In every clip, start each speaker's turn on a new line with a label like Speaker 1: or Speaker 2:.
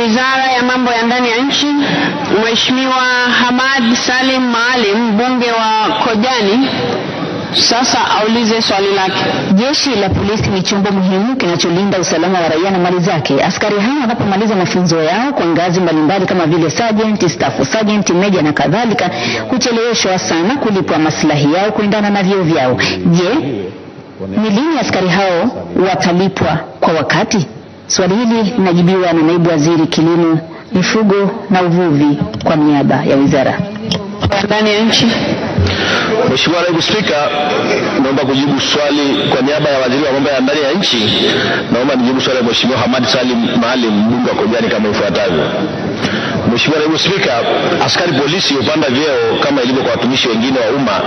Speaker 1: Wizara ya Mambo ya Ndani ya Nchi, Mheshimiwa Hamad Salim Maalim, mbunge wa Kojani, sasa aulize swali lake.
Speaker 2: Jeshi la polisi ni chombo muhimu kinacholinda usalama wa raia na mali zake. Askari hawa wanapomaliza mafunzo yao kwa ngazi mbalimbali kama vile sergeant, staff sergeant, meja na kadhalika, hucheleweshwa sana kulipwa maslahi yao kuendana na vyeo vyao. Je, ni lini askari hao watalipwa kwa wakati? Swali hili linajibiwa na naibu waziri kilimo, mifugo na uvuvi kwa niaba ya wizara
Speaker 1: ndani ya nchi.
Speaker 3: Mheshimiwa Naibu Spika, naomba kujibu swali kwa niaba ya waziri wa mambo ya ndani ya nchi. Naomba nijibu swali la Mheshimiwa Hamad Salim Maalim, mbunge wa Kojani kama ifuatavyo. Mheshimiwa Naibu Spika, askari polisi hupanda vyeo kama ilivyo kwa watumishi wengine wa umma,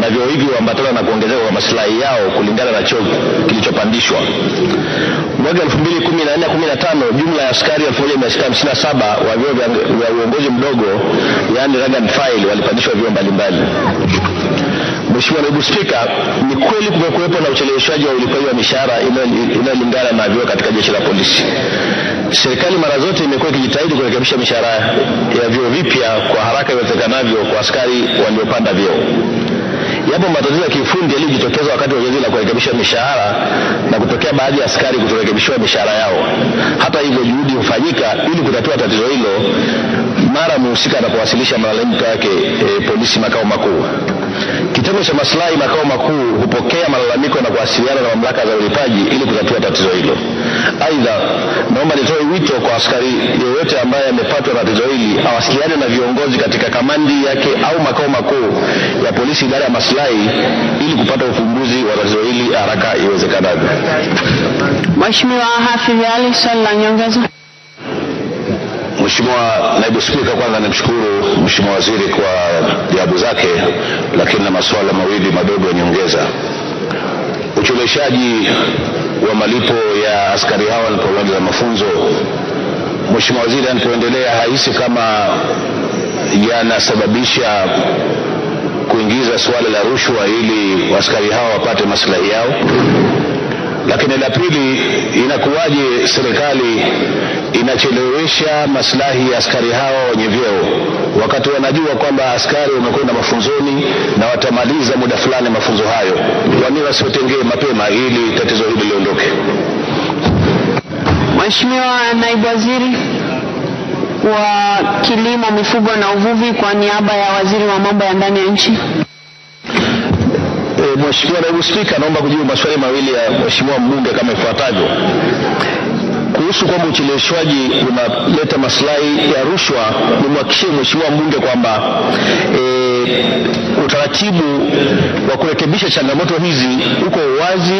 Speaker 3: na vyeo hivi huambatana na kuongezeka kwa maslahi yao kulingana na cheo kilichopandishwa. Mwaka 2014-15 jumla ya askari 1657 wa vyeo vya uongozi mdogo, yaani rank and file, walipandishwa vyeo mbalimbali. Mheshimiwa Naibu Spika, ni kweli kumekuwepo na ucheleweshaji wa ulipaji wa mishahara inayolingana na vyeo katika jeshi la polisi. Serikali mara zote imekuwa ikijitahidi kurekebisha mishahara ya vyuo vipya kwa haraka iwezekanavyo kwa askari waliopanda vyeo. Yapo matatizo ya kiufundi yaliyojitokeza wakati wa zoezi la kurekebisha mishahara na kutokea baadhi ya askari kutorekebishiwa mishahara yao. Hata hivyo, juhudi hufanyika ili kutatua tatizo hilo mara mhusika anapowasilisha malalamiko yake e, polisi makao makuu. Kitengo cha maslahi makao makuu hupokea malalamiko na kuwasiliana na mamlaka za ulipaji ili kutatua tatizo hilo. Aidha, naomba nitoe wito kwa askari yeyote ambaye amepatwa na tatizo hili awasiliane na viongozi katika kamandi yake au makao makuu ya polisi idara ya maslahi ili kupata ufumbuzi wa tatizo hili haraka iwezekanavyo.
Speaker 1: Mheshimiwa Hafidh Ali, swali la nyongeza.
Speaker 3: Mheshimiwa Naibu Spika, kwanza nimshukuru Mheshimiwa Waziri kwa jawabu zake, lakini na masuala mawili madogo ya nyongeza. Ucheleweshaji wa malipo ya askari hawa za mafunzo, Mheshimiwa Waziri anapoendelea, hahisi kama yanasababisha kuingiza suala la rushwa ili askari hawa wapate maslahi yao? Lakini la pili, inakuwaje serikali inachelewesha maslahi ya askari hawa wenye vyeo wakati wanajua kwamba askari wamekwenda mafunzoni na watamaliza muda fulani mafunzo hayo? Kwa nini wasiotengee mapema ili tatizo hili liondoke?
Speaker 1: Mheshimiwa Naibu Waziri wa Kilimo, Mifugo na Uvuvi, kwa niaba ya Waziri wa Mambo ya Ndani ya Nchi.
Speaker 3: Mheshimiwa Naibu Spika, naomba kujibu maswali mawili ya Mheshimiwa mbunge kama ifuatavyo kuhusu kwamba ucheleweshwaji unaleta maslahi ya rushwa, nimhakikishie mheshimiwa mbunge kwamba e, utaratibu wa kurekebisha changamoto hizi uko wazi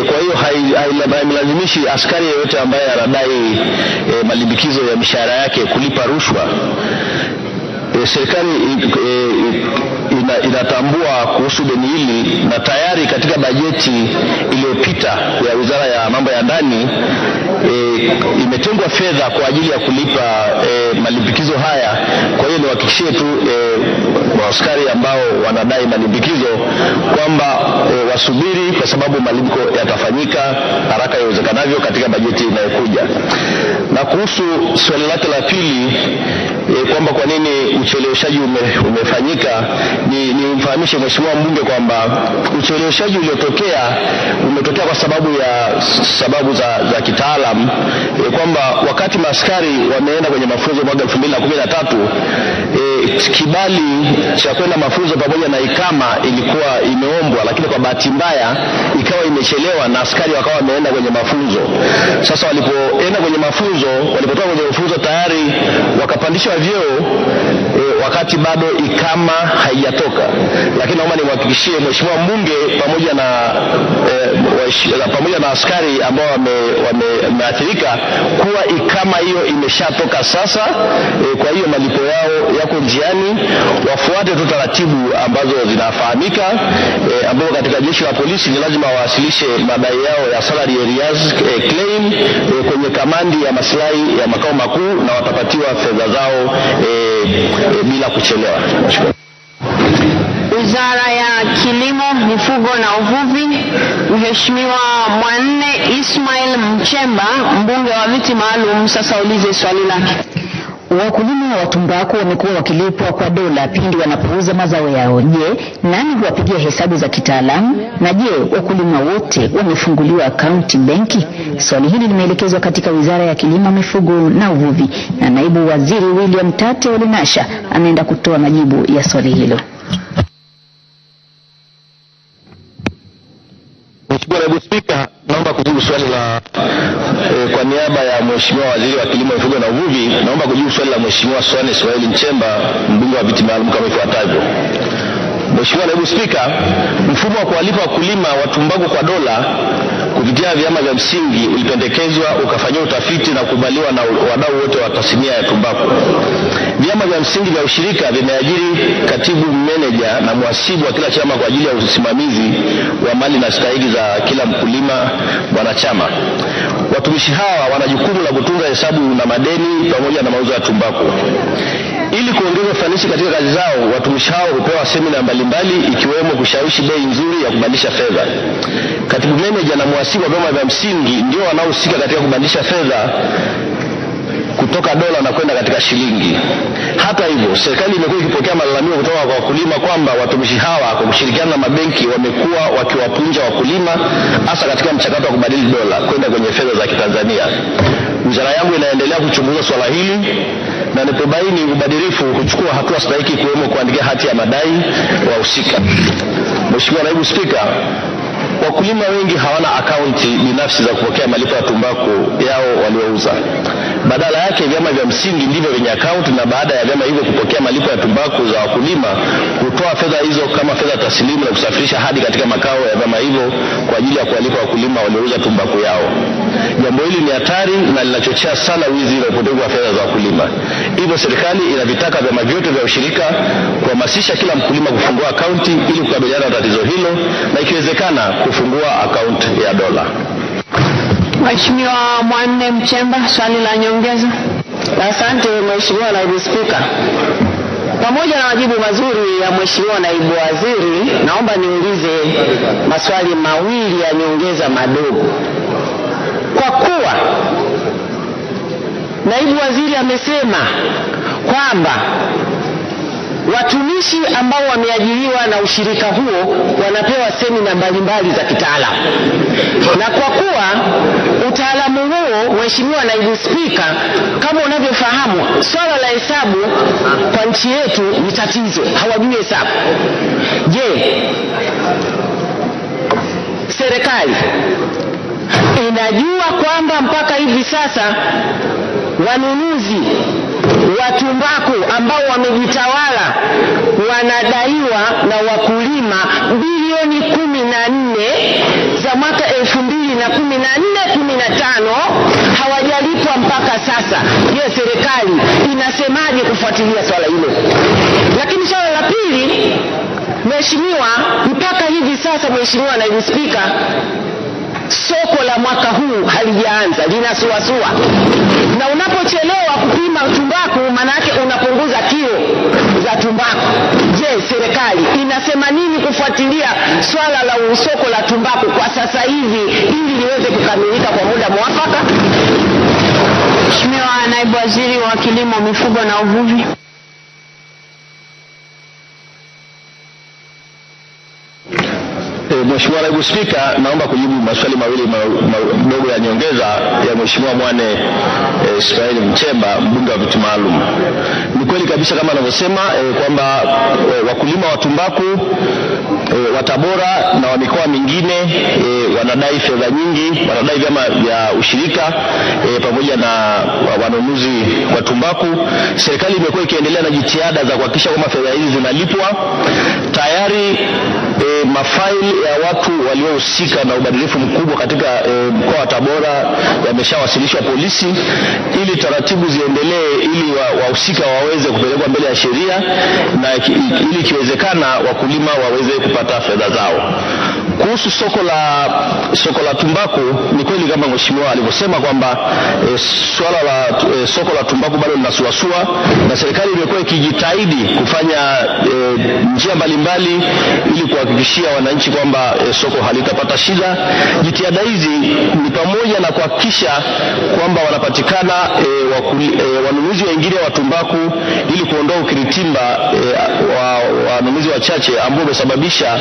Speaker 3: e, kwa hiyo haimlazimishi hai, hai, askari yeyote ambaye anadai e, malimbikizo ya mishahara yake kulipa rushwa. E, serikali e, e, ina, inatambua kuhusu deni hili na tayari katika bajeti iliyopita ya Wizara ya Mambo ya Ndani e, imetengwa fedha kwa ajili ya kulipa e, malimbikizo haya. Kwa hiyo niwahakikishie tu e, askari ambao wanadai malimbikizo kwamba e, wasubiri kwa sababu malipo yatafanyika haraka iwezekanavyo katika bajeti inayokuja. Na kuhusu swali lake la pili e, kwamba kwa nini ucheleweshaji ume, umefanyika ni, nimfahamishe mheshimiwa mbunge kwamba ucheleweshaji uliotokea umetokea kwa sababu ya sababu za, za kitaalam e, eh, kwamba wakati maskari wameenda kwenye mafunzo mwaka 2013 e, eh, kibali cha kwenda mafunzo pamoja na ikama ilikuwa imeombwa, lakini kwa bahati mbaya ikawa imechelewa na askari wakawa wameenda kwenye mafunzo. Sasa walipoenda kwenye mafunzo, walipotoka kwenye mafunzo tayari wakapandishwa vieux wakati bado ikama haijatoka, lakini naomba nimhakikishie mheshimiwa mbunge pamoja na e, pamoja na askari ambao wameathirika wame kuwa ikama hiyo imeshatoka sasa. E, kwa hiyo malipo yao yako njiani, wafuate tu taratibu ambazo zinafahamika, e, ambapo katika jeshi la polisi ni lazima wawasilishe madai yao ya salary arrears e, claim e, kwenye kamandi ya masilahi ya makao makuu na watapatiwa fedha zao e, bila kuchelewa.
Speaker 1: Wizara ya Kilimo, Mifugo na Uvuvi, Mheshimiwa Mwanne Ismail Mchemba, mbunge wa viti maalum, sasa ulize swali lake. Wakulima wa tumbaku wamekuwa wakilipwa kwa dola pindi wanapouza mazao yao. Je, nani huwapigia hesabu za kitaalamu? Na je, wakulima wote wamefunguliwa akaunti benki? Swali hili limeelekezwa katika Wizara ya Kilimo, Mifugo na Uvuvi, na naibu waziri William Tate Olenasha ameenda kutoa majibu ya swali hilo.
Speaker 3: Mheshimiwa Naibu Spika, naomba kujibu swali la niaba ya Mheshimiwa Waziri wa Kilimo, Mifugo na Uvuvi, naomba kujibu swali la Mheshimiwa swane Ismail Nchemba, mbunge wa viti maalum kama ifuatavyo. Mheshimiwa Naibu Spika, mfumo wa kuwalipa wakulima wa tumbaku kwa dola kupitia vyama vya msingi ulipendekezwa ukafanyiwa utafiti na kukubaliwa na wadau wote wa tasnia ya tumbaku. Vyama vya msingi vya ushirika vimeajiri katibu meneja na mhasibu wa kila chama kwa ajili ya usimamizi wa mali na stahili za kila mkulima mwanachama. Watumishi hawa wana jukumu la kutunza hesabu na madeni pamoja na mauzo ya tumbaku. Ili kuongeza ufanisi katika kazi zao, watumishi hao hupewa semina mbalimbali ikiwemo kushawishi bei nzuri ya kubadilisha fedha. Katibu meneja na mwasibu wa vyama vya msingi ndio wanaohusika katika kubadilisha fedha kutoka dola na kwenda katika shilingi. Hata hivyo, serikali imekuwa ikipokea malalamiko kutoka kwa wakulima kwamba watumishi hawa kwa kushirikiana na mabenki wamekuwa wakiwapunja wakulima, hasa katika mchakato wa kubadili dola kwenda kwenye fedha za Kitanzania. Wizara yangu inaendelea kuchunguza swala hili na nipobaini ubadhirifu huchukua hatua stahiki, ikiwemo kuandikia hati ya madai wahusika. Mheshimiwa Naibu Spika, Wakulima wengi hawana akaunti binafsi za kupokea malipo ya tumbaku yao waliouza. Badala yake vyama vya msingi ndivyo vyenye akaunti, na baada ya vyama hivyo kupokea malipo ya tumbaku za wakulima, hutoa fedha hizo kama fedha taslimu na kusafirisha hadi katika makao ya vyama hivyo kwa ajili ya kuwalipa wakulima waliouza tumbaku yao. Jambo hili ni hatari na linachochea sana wizi na upotevu wa fedha za wakulima. Hivyo serikali inavitaka vyama vyote vya ushirika kuhamasisha kila mkulima kufungua akaunti ili kukabiliana na tatizo hilo na ikiwezekana kufungua akaunti ya dola.
Speaker 1: Mheshimiwa Mwanne Mchemba, swali la nyongeza.
Speaker 4: Asante Mheshimiwa Naibu Spika, pamoja na majibu mazuri ya Mheshimiwa Naibu Waziri, naomba niulize maswali mawili ya nyongeza madogo. Kwa kuwa Naibu Waziri amesema kwamba Watumishi ambao wameajiriwa na ushirika huo wanapewa semina mbalimbali za kitaalamu, na kwa kuwa utaalamu huo, Mheshimiwa Naibu Spika, kama unavyofahamu, swala la hesabu kwa nchi yetu ni tatizo, hawajui hesabu. Je, serikali inajua kwamba mpaka hivi sasa wanunuzi watumbaku ambao wamejitawala wanadaiwa na wakulima bilioni kumi na nne za mwaka elfu mbili na kumi na nne kumi na tano hawajalipwa mpaka sasa. Je, serikali inasemaje kufuatilia swala hilo? Lakini swala la pili, mheshimiwa, mpaka hivi sasa, mheshimiwa naibu spika soko la mwaka huu halijaanza, linasuasua, na unapochelewa kupima tumbaku, maana yake unapunguza kilo za tumbaku. Je, serikali inasema nini kufuatilia swala la soko la tumbaku kwa sasa hivi ili liweze kukamilika kwa muda mwafaka?
Speaker 1: Mheshimiwa Naibu Waziri wa Kilimo, Mifugo na Uvuvi.
Speaker 3: Mheshimiwa Naibu Spika, naomba kujibu maswali mawili madogo ya nyongeza ya Mheshimiwa Mwane e, eh, Ismail Mchemba, mbunge wa viti maalum. Ni kweli kabisa kama anavyosema e, kwamba e, wakulima wa tumbaku e, wa Tabora na wa mikoa mingine e, wanadai fedha nyingi, wanadai vyama vya ushirika e, pamoja na wanunuzi wa tumbaku. Serikali imekuwa ikiendelea na jitihada za kuhakikisha kwamba fedha hizi zinalipwa tayari. E, mafaili ya watu waliohusika na ubadilifu mkubwa katika e, mkoa wa Tabora yameshawasilishwa polisi ili taratibu ziendelee, ili wahusika wa waweze kupelekwa mbele ya sheria na ili ikiwezekana wakulima waweze kupata fedha zao. Kuhusu soko la soko la tumbaku, ni kweli kama mheshimiwa alivyosema kwamba e, swala la e, soko la tumbaku bado linasuasua, na serikali imekuwa ikijitahidi kufanya e, njia mbalimbali ili kuhakikishia wananchi kwamba e, soko halitapata shida. Jitihada hizi ni pamoja na kuhakikisha kwamba wanapatikana e, e, wanunuzi wengine wa tumbaku ili kuondoa ukiritimba e, wa wanunuzi wachache ambao umesababisha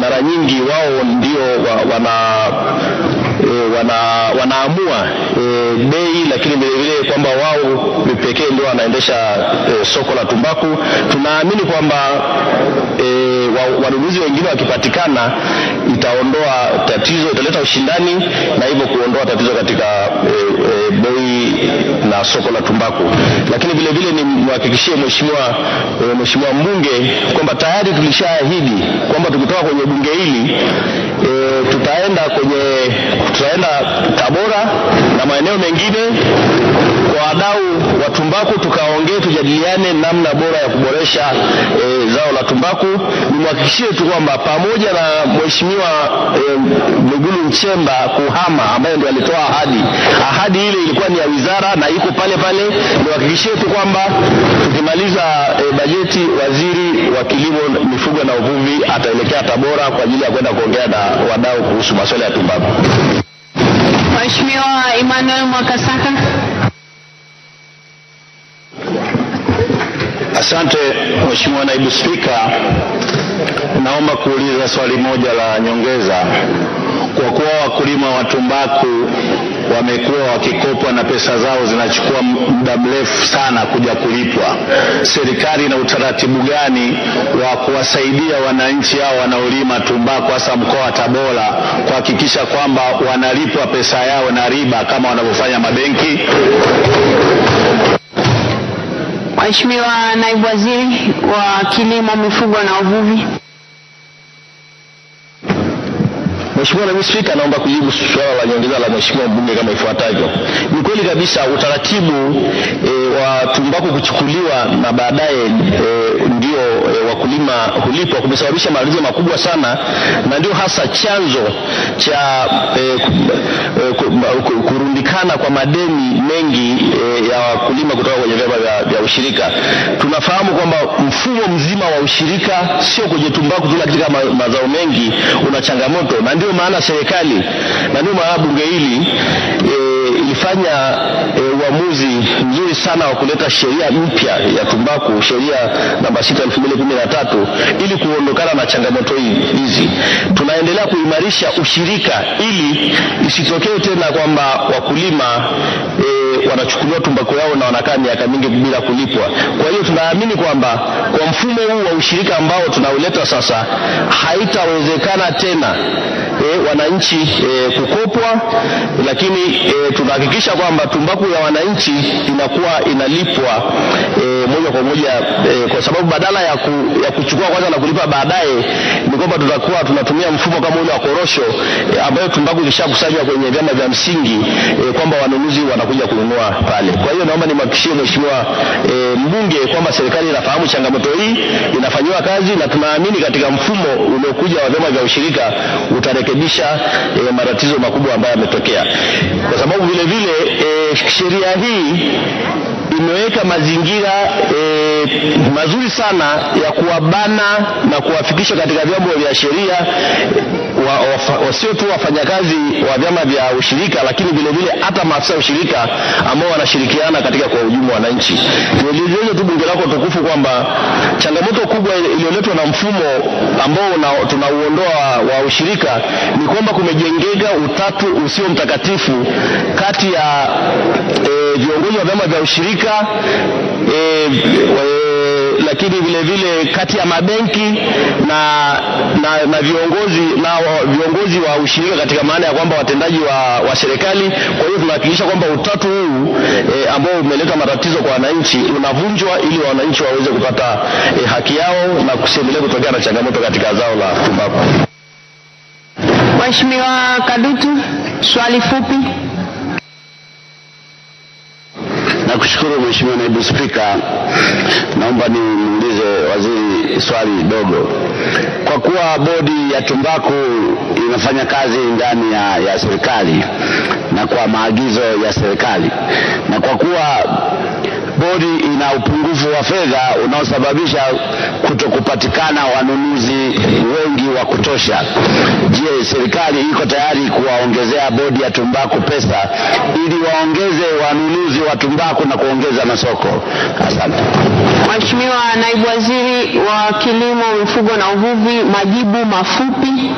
Speaker 3: mara nyingi wao ndio wa, wana E, wana, wanaamua e, bei lakini vilevile kwamba wao pekee ndio wanaendesha e, soko la tumbaku. Tunaamini kwamba e, wanunuzi wengine wakipatikana, itaondoa tatizo, italeta ushindani na hivyo kuondoa tatizo katika e, e, bei na soko la tumbaku. Lakini vile vile nimhakikishie mheshimiwa e, mheshimiwa mbunge kwamba tayari tulishaahidi kwamba tukitoka kwenye bunge hili e, tutaenda kwenye tutaenda Tabora na maeneo mengine kwa wadau wa tumbaku tukaongee, tujadiliane namna bora ya kuboresha e, zao la tumbaku. Nimhakikishie tu kwamba pamoja na mheshimiwa e, Nchemba kuhama, ambaye ndio alitoa ahadi, ahadi ile ilikuwa ni ya wizara na iko pale pale. Nimhakikishie tu kwamba tukimaliza e, bajeti, waziri wa kilimo, mifugo na uvuvi ataelekea Tabora kwa ajili ya kwenda kuongea na wadau kuhusu masuala ya tumbaku.
Speaker 1: Mheshimiwa Emmanuel Mwakasaka.
Speaker 5: Asante Mheshimiwa Naibu Spika, naomba kuuliza swali moja la nyongeza. Kwa kuwa wakulima wa tumbaku wamekuwa wakikopwa na pesa zao zinachukua muda mrefu sana kuja kulipwa, serikali ina utaratibu gani wa kuwasaidia wananchi hao wanaolima tumbaku hasa mkoa wa Tabora kuhakikisha kwamba wanalipwa pesa yao na riba kama wanavyofanya mabenki?
Speaker 1: Mheshimiwa Naibu Waziri wa Kilimo, Mifugo na Uvuvi.
Speaker 3: Mheshimiwa Naibu Spika, naomba kujibu suala la nyongeza la Mheshimiwa mbunge kama ifuatavyo. Ni kweli kabisa utaratibu e, wa tumbaku kuchukuliwa na baadaye e, ndio e, wakulima hulipwa kumesababisha matatizo makubwa sana, na ndio hasa chanzo cha e, kurundikana kwa madeni mengi e, ya wakulima kutoka kwenye vyama vya, vya ushirika. Tunafahamu kwamba mfumo mzima wa ushirika sio kwenye tumbaku tu, katika ma, mazao mengi una changamoto na ndio ndio maana serikali na ndiyo maana bunge hili e, ilifanya e, uamuzi mzuri sana wa kuleta sheria mpya ya tumbaku, sheria namba 6 2013, ili kuondokana na changamoto hizi. Tunaendelea kuimarisha ushirika ili isitokee tena kwamba wakulima e, wanachukuliwa tumbako yao na wanakaa miaka mingi bila kulipwa. Kwa hiyo tunaamini kwamba kwa mfumo huu wa ushirika ambao tunauleta sasa, haitawezekana tena e, wananchi e, kukopwa, lakini e, tunahakikisha kwamba tumbaku ya wananchi inakuwa inalipwa e, moja kwa moja e, kwa sababu badala ya, ku, ya kuchukua kwanza na kulipa baadaye, ni kwamba tutakuwa tunatumia mfumo kama ule wa korosho e, ambayo tumbaku ikishakusanywa kwenye vyama vya msingi e, kwamba wanunuzi wanakuja kununua kununua pale. Kwa hiyo naomba nimhakikishie mheshimiwa e, mbunge kwamba serikali inafahamu changamoto hii, inafanyiwa kazi na tunaamini katika mfumo uliokuja wa vyama vya ushirika utarekebisha e, matatizo makubwa ambayo yametokea, kwa sababu vile vile e, sheria hii imeweka mazingira e, mazuri sana ya kuwabana na kuwafikisha katika vyombo vya sheria e, wasio wa, wa, tu wafanyakazi wa vyama vya ushirika, lakini vilevile hata maafisa ushirika ambao wanashirikiana katika kwa ujumu wananchi. Nilieleza tu bunge lako tukufu kwamba changamoto kubwa iliyoletwa na mfumo ambao tunauondoa wa ushirika ni kwamba kumejengeka utatu usio mtakatifu kati ya e, viongozi wa vyama vya ushirika e, lakini vile vile kati ya mabenki na, na, na viongozi na viongozi wa ushirika katika maana ya kwamba watendaji wa, wa serikali. Kwa hiyo tunahakikisha kwamba utatu huu e, ambao umeleta matatizo kwa wananchi unavunjwa ili wananchi waweze kupata e, haki yao na kusiendelea kutokea na changamoto katika zao la tumbaku.
Speaker 1: Mheshimiwa Kadutu, swali fupi.
Speaker 6: Nakushukuru Mheshimiwa Naibu Spika, naomba nimuulize waziri swali dogo. Kwa kuwa bodi ya tumbaku inafanya kazi ndani ya, ya serikali na kwa maagizo ya serikali na kwa kuwa bodi ina upungufu wa fedha unaosababisha kutokupatikana wanunuzi wengi wa kutosha. Je, serikali iko tayari kuwaongezea bodi ya tumbaku pesa ili waongeze wanunuzi wa tumbaku na kuongeza masoko? Asante.
Speaker 1: Mheshimiwa Naibu Waziri wa Kilimo, Mifugo na Uvuvi, majibu mafupi.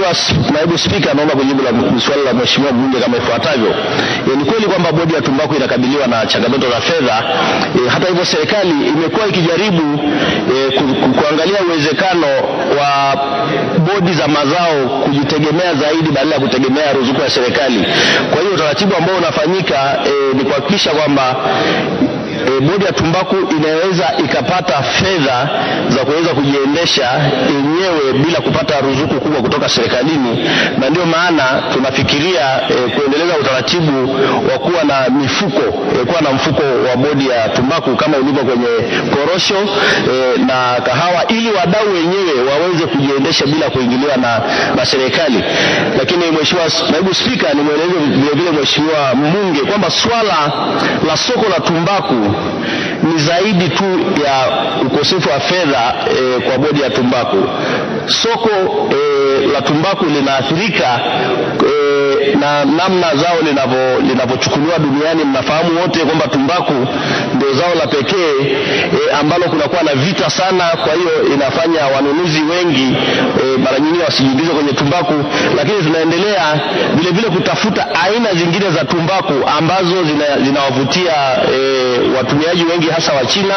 Speaker 3: Mheshimiwa Naibu Spika, naomba kujibu la swali la Mheshimiwa mbunge kama ifuatavyo. E, ni kweli kwamba bodi ya tumbaku inakabiliwa na changamoto za fedha. E, hata hivyo serikali imekuwa ikijaribu e, ku, ku, kuangalia uwezekano wa bodi za mazao kujitegemea zaidi badala ya kutegemea ruzuku ya serikali. Kwa hiyo utaratibu ambao unafanyika e, ni kuhakikisha kwamba e, bodi ya tumbaku inaweza ikapata fedha za kuweza kujiendesha yenyewe bila kupata ruzuku kubwa kutoka serikalini, na ndio maana tunafikiria e, kuendeleza utaratibu wa kuwa na mifuko e, kuwa na mfuko wa bodi ya tumbaku kama ulivyo kwenye korosho e, na kahawa, ili wadau wenyewe waweze kujiendesha bila kuingiliwa na, na serikali. Lakini Mheshimiwa Naibu Spika, nimweleze vilevile Mheshimiwa mbunge kwamba swala la soko la tumbaku wangu ni zaidi tu ya ukosefu wa fedha e, kwa bodi ya tumbaku. Soko e, la tumbaku linaathirika e, na namna zao linavyochukuliwa duniani. Mnafahamu wote kwamba tumbaku ndio zao la pekee e, ambalo kunakuwa na vita sana, kwa hiyo inafanya wanunuzi wengi abiria wasijiingize kwenye tumbaku, lakini tunaendelea vile vile kutafuta aina zingine za tumbaku ambazo zinawavutia zina e, watumiaji wengi hasa wa China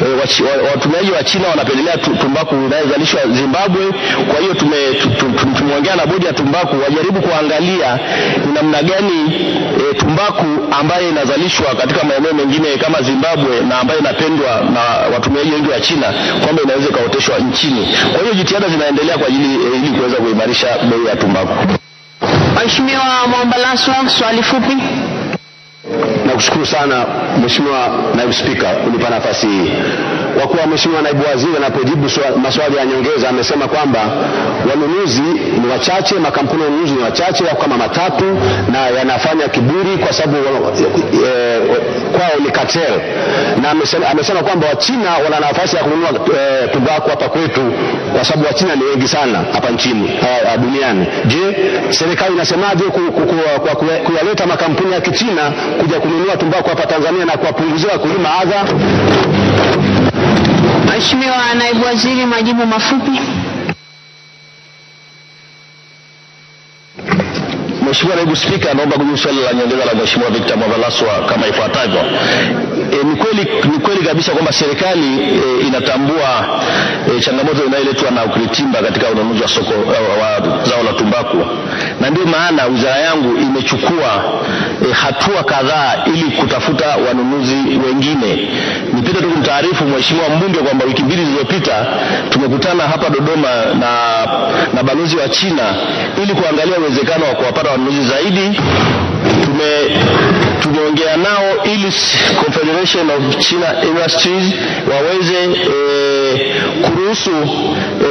Speaker 3: e, watumiaji wa China wanapendelea tumbaku inayozalishwa Zimbabwe. Kwa hiyo tumeongea na bodi ya tumbaku wajaribu kuangalia ni namna gani e, tumbaku ambayo inazalishwa katika maeneo mengine kama Zimbabwe na ambayo inapendwa na watumiaji wengi wa China kwamba inaweza ikaoteshwa nchini. Kwa hiyo jitihada zinaendelea kwa ajili ili kuweza kuimarisha bei ya tumbaku.
Speaker 1: Mheshimiwa Mwamba swali fupi.
Speaker 3: Nakushukuru sana Mheshimiwa Naibu Spika kunipa nafasi hii wa kuwa Mheshimiwa naibu waziri anapojibu maswali ya nyongeza amesema kwamba wanunuzi ni wachache, makampuni ya ununuzi ni wachache, yako kama matatu na yanafanya kiburi kwa sababu e, kwao ni cartel, na amesema, amesema kwamba Wachina wana nafasi ya kununua e, eh, tumbaku hapa kwetu kwa sababu Wachina ni wengi sana hapa nchini duniani. Je, serikali inasemaje kwa kuyaleta makampuni ya Kichina kuja kununua tumbaku hapa Tanzania na kuwapunguzia wakulima adha?
Speaker 1: Mheshimiwa Naibu Waziri, majibu mafupi.
Speaker 3: Mheshimiwa Naibu Spika, naomba kujibu swali la nyongeza la Mheshimiwa Victor Mwavalaswa kama ifuatavyo. E, ni kweli ni kweli kabisa kwamba serikali e, inatambua e, changamoto inayoletwa na ukiritimba katika ununuzi wa soko wa zao la tumbaku, na ndio maana wizara yangu imechukua e, hatua kadhaa ili kutafuta wanunuzi wengine. Nipende tu kumtaarifu Mheshimiwa mbunge kwamba wiki mbili zilizopita tumekutana hapa Dodoma na, na balozi wa China ili kuangalia uwezekano wa kuwapata wa zaidi. Tume tumeongea nao ili Confederation of China Industries waweze e, kuruhusu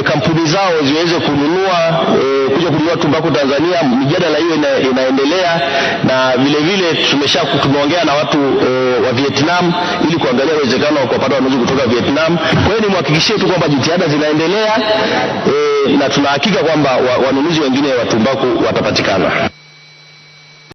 Speaker 3: e, kampuni zao ziweze kununua e, kuja kununua tumbaku Tanzania. Mijadala hiyo ina, inaendelea na vile vile tumesha tumeongea na watu e, wa Vietnam ili kuangalia uwezekano wa kupata wanunuzi kutoka Vietnam. Kwa hiyo nimhakikishie tu kwamba jitihada zinaendelea e, na tunahakika kwamba wanunuzi wengine wa tumbaku watapatikana.